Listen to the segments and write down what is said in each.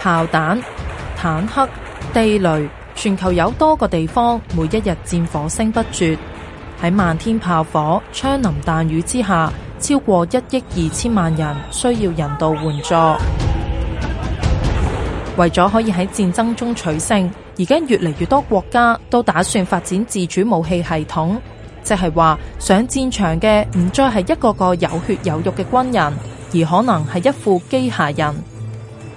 炮彈、坦克、地雷，全球有多個地方，每一日戰火聲不絕。喺漫天炮火、槍林彈雨之下，超過一億二千萬人需要人道援助。 為咗可以喺戰爭中取勝，而家越嚟越多國家都打算發展自主武器系統，即係話上戰場嘅唔再係一個個有血有肉嘅軍人，而可能係一副機械人。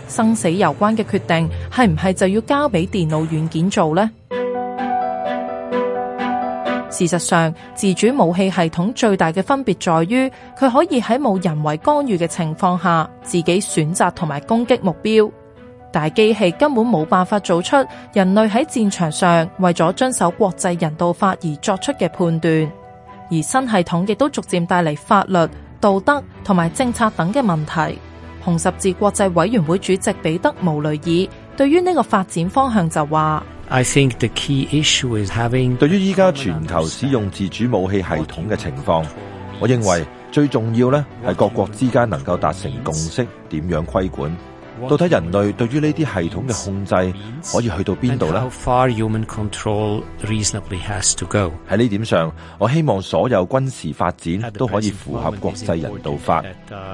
生死攸關嘅決定係唔係就要交俾電腦軟件做呢？ 事實上，自主武器系統最大嘅分別在於佢可以喺冇人為干預嘅情況下，自己選擇同埋攻擊目標。但係機器根本冇辦法做出人類喺戰場上為咗遵守國際人道法而作出嘅判斷。而新系統亦都逐漸帶嚟法律、道德同埋政策等嘅問題。紅十字國際委員會主席彼得·毛雷爾對於呢個發展方向就話：I think the key issue is having，對於依家全球使用自主武器系統嘅情況，我認為最重要咧係各國之間能夠達成共識，點樣規管。到底人類對於呢啲系統嘅控制可以去到邊度呢？喺呢點上，我希望所有軍事發展都可以符合國際人道法。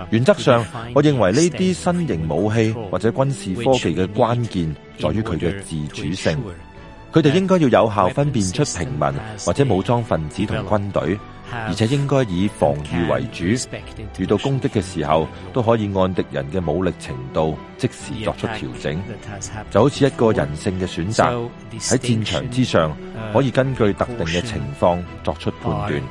原則上，我認為呢啲新型武器或者軍事科技嘅關鍵在於佢嘅自主性。佢哋應該要有效分辨出平民或者武裝分子同軍隊。而且應該以防御為主，遇到攻擊嘅時候，都可以按敵人嘅武力程度即時作出調整，就好似一個人性嘅選擇。喺戰場之上，可以根據特定嘅情況作出判斷。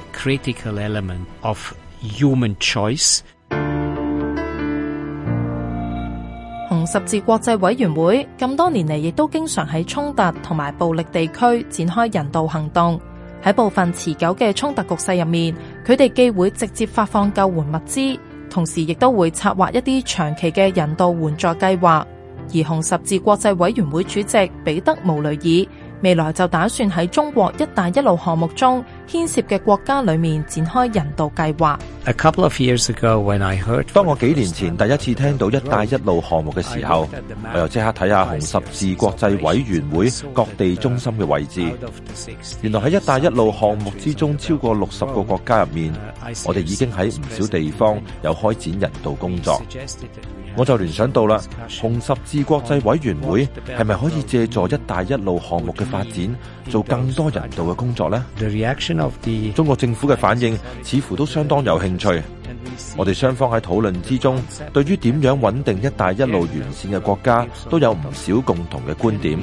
紅十字國際委員會咁多年嚟，亦都經常喺衝突同埋暴力地區展開人道行動。喺部分持久嘅衝突局勢入面，佢哋既會直接發放救援物資，同時亦都會策劃一啲長期嘅人道援助計劃。而紅十字國際委員會主席彼得·毛雷爾未來就打算喺中國「一帶一路」項目中，牽涉嘅國家裏面展開人道計劃。Ago, 當我幾年前第一次聽到一帶一路項目嘅時候，我又即刻睇下紅十字國際委員會各地中心嘅位置。原來喺一帶一路項目之中，超過六十個國家入面，uh, I 我哋已經喺唔少地方有開展人道工作。我就聯想到啦，紅十字國際委員會係咪可以借助一帶一路項目嘅發展，做更多人道嘅工作呢？中國政府嘅反應似乎都相當有興趣，我哋雙方喺討論之中，對於點樣穩定一帶一路完善嘅國家都有唔少共同嘅觀點。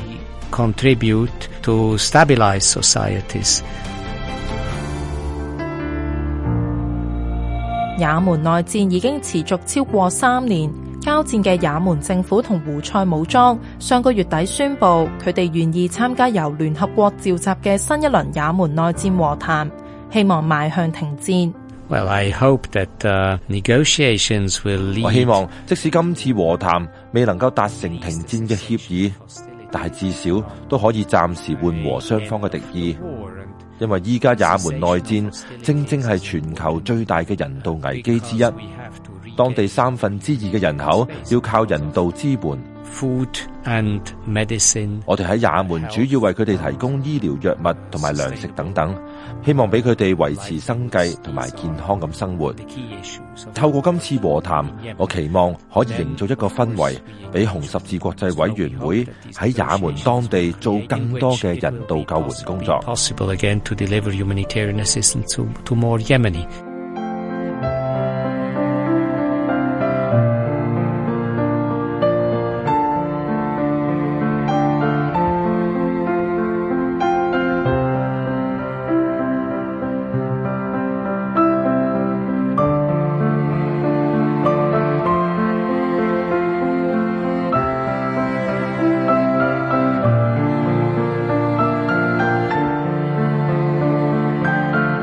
也門內戰已經持續超過三年。交戰嘅也門政府同胡塞武裝上個月底宣布，佢哋願意參加由聯合國召集嘅新一輪也門內戰和談，希望邁向停戰。Well, that, uh, 我希望即使今次和談未能夠達成停戰嘅協議，但係至少都可以暫時緩和雙方嘅敵意，因為依家也門內戰正正係全球最大嘅人道危機之一。當地三分之二嘅人口要靠人道支援。我哋喺也門主要為佢哋提供醫療藥物同埋糧食等等，希望畀佢哋維持生計同埋健康噉生活。透過今次和談，我期望可以營造一個氛圍，畀紅十字國際委員會喺也門當地做更多嘅人道救援工作。